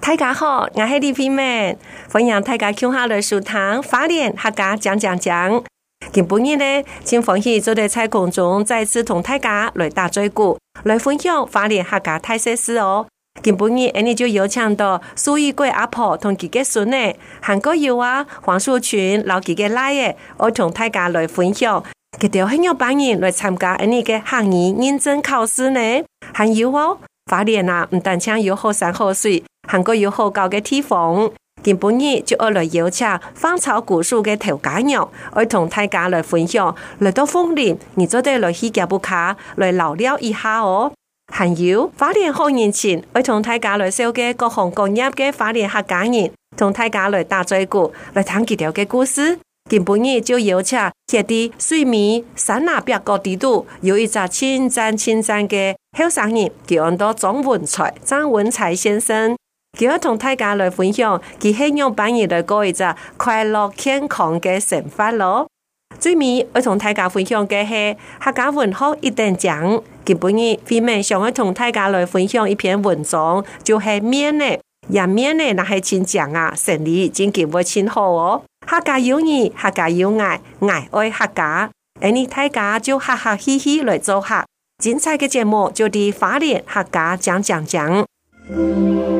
大家好，我是李佩梅，歡迎大家共下來收聽花蓮客家講講講。今晡日呢，請放棄坐在采空中，再次同大家來打嘴鼓，來分享花蓮客家特色事哦。今晡日，阿你就邀請到蘇玉貴阿婆同佢個孫還有啊黃素群老自個拉嘅，我同大家來分享。佢哋有好多朋友來參加阿你嘅客語認證考試呢，還有哦，花蓮啊唔但止有好山好水，行個有好高的地方，今不日，就愛來邀請芳草古樹的頭家娘，愛同大家來分享。來到鳳林，你而做得來去腳埔卡來留聊一下哦。還有，花蓮好年前，愛同大家來收個各行各業嘅花蓮客家人，同大家來打嘴鼓來談幾條的故事。今不日，就邀請一啲睡眠，山南北個地度有一隻千贊千贊嘅後生人，叫做張文才，張文才先生。我要同大家來分享，佢係用反而來過一個快樂健康嘅生活咯。最尾我同大家分享嘅係客家文化一等獎。今半夜上面想要同大家來分享一篇文章，就係咩呢？又咩呢？嗱，係錢獎啊，勝利真叫我錢好哦。客家有你，客家有愛，愛愛客家。而你大家就哈哈嘻嘻來做客，精彩嘅節目，就係法律客家講講講。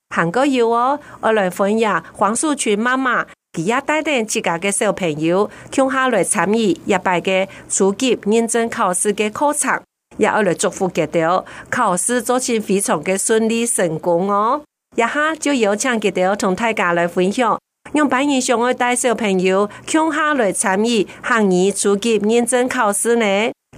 韓國謠哦，我來分享黃淑群媽媽，佢也帶領自家的小朋友，向下來參與一擺嘅初級認證考試的考察，也我來祝福佢哋，考試做成非常嘅順利成功哦。以下有一下就要請佢哋同大家來分享，用板音響去帶小朋友向下來參與客語初級認證考試呢。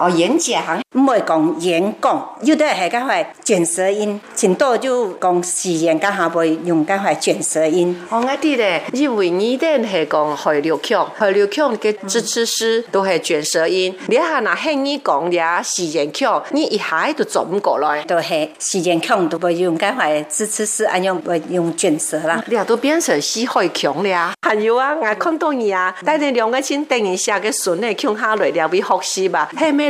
哦，演講唔會講演講，有啲係講捲舌音，前多、嗯、就講四縣家下會用嘅話捲舌音。哦，我知咧，因為你啲係講海陸腔，海陸腔嘅字詞是都係捲舌音。你下那聽你講嘅四縣腔，你一下都做唔過來，都係四縣腔都不用嘅話字詞是安用用捲舌啦？你、嗯、都變成四海腔啦。還有啊，我看到你啊，帶啲、嗯、兩個錢等於寫嘅信嘅腔下來，你要複試吧？係咪？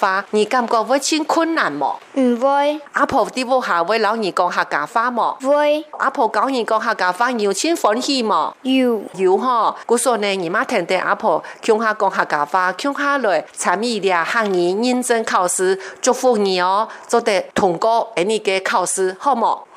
你感覺會千困難冇？唔會、嗯。阿婆啲屋下會留兒對講客家話。冇？會呦。阿婆教兒講客家話，要千歡喜冇？有有嗬，故說呢，姨媽聽聽阿婆，向下講客家話，向下嚟，參與了學兒認證考試，祝福你哦，做得通過呢個考試，好冇？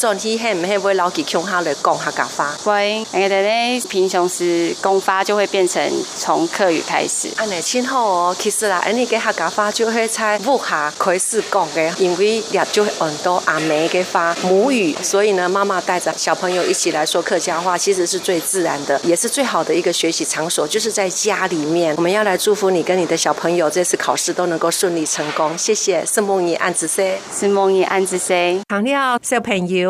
整體很不會老記腔腔來講客家話。因為，的平常時工發，就會變成從客語開始。按呢、啊，先好哦。其實啦，安尼嘅客家話就是在屋下開始講嘅，因為也就很多阿媽嘅話母語， 所以呢，媽媽帶着小朋友一起來說客家話，其實是最自然的，也是最好的一個學習場所，就是在家裏面。我們要來祝福你跟你的小朋友，這次考試都能夠順利成功。謝謝，是夢怡安子森，是夢怡安子森，好，小朋友。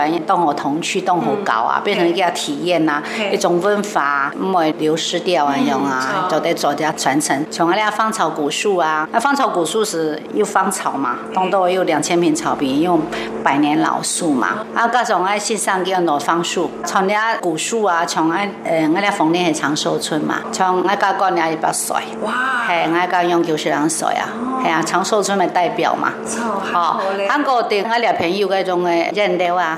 動和童趣，動和搞啊，變成一個體驗啊，一種文化唔會流失掉啊樣啊，做得做家傳承。像我哋芳草古樹啊，啊芳草古樹是有芳草嘛，東都有兩千平草坪，有百年老樹嘛。啊，加上我係新山嘅老放樹，從啲啊古樹啊，從我誒我哋鳳林係長壽村嘛，從我家高年一百歲，係我家楊久水人係啊長壽村的代表嘛。好，咁個對我哋朋友嘅一種誒認得啊。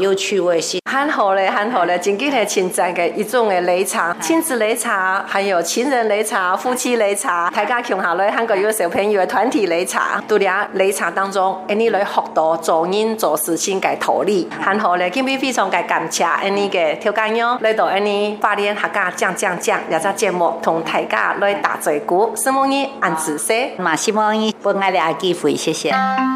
又趣味性，很好嘞，很好嘞！今天請在個一種誒擂茶，親子擂茶，還有情人擂茶、夫妻擂茶，大家群下來，韓國有小朋友誒團體擂茶，都在擂茶當中。誒，你來學到做人、做事情嘅道理，很好嘞今天非常嘅感謝的，誒，你嘅條件舞來到誒你八點下家講講講，也在節目同大家來打嘴鼓，希望你按子色，也希望你撥我哋阿機會，謝謝。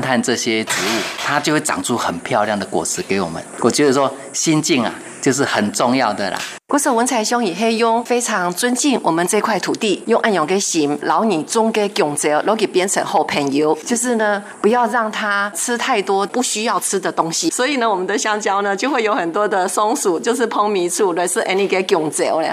探，探這些植物，它就會長出很漂亮的果實給我們。我覺得說心境啊，就是很重要的啦。國手文才兄也黑用非常尊敬我們這塊土地，用安用嘅然老你種嘅種子，老給變成好朋友。就是呢，不要讓它吃太多不需要吃的東西。所以呢，我們的香蕉呢，就會有很多的松鼠，就是碰迷處，來是 any 嘅種子咧。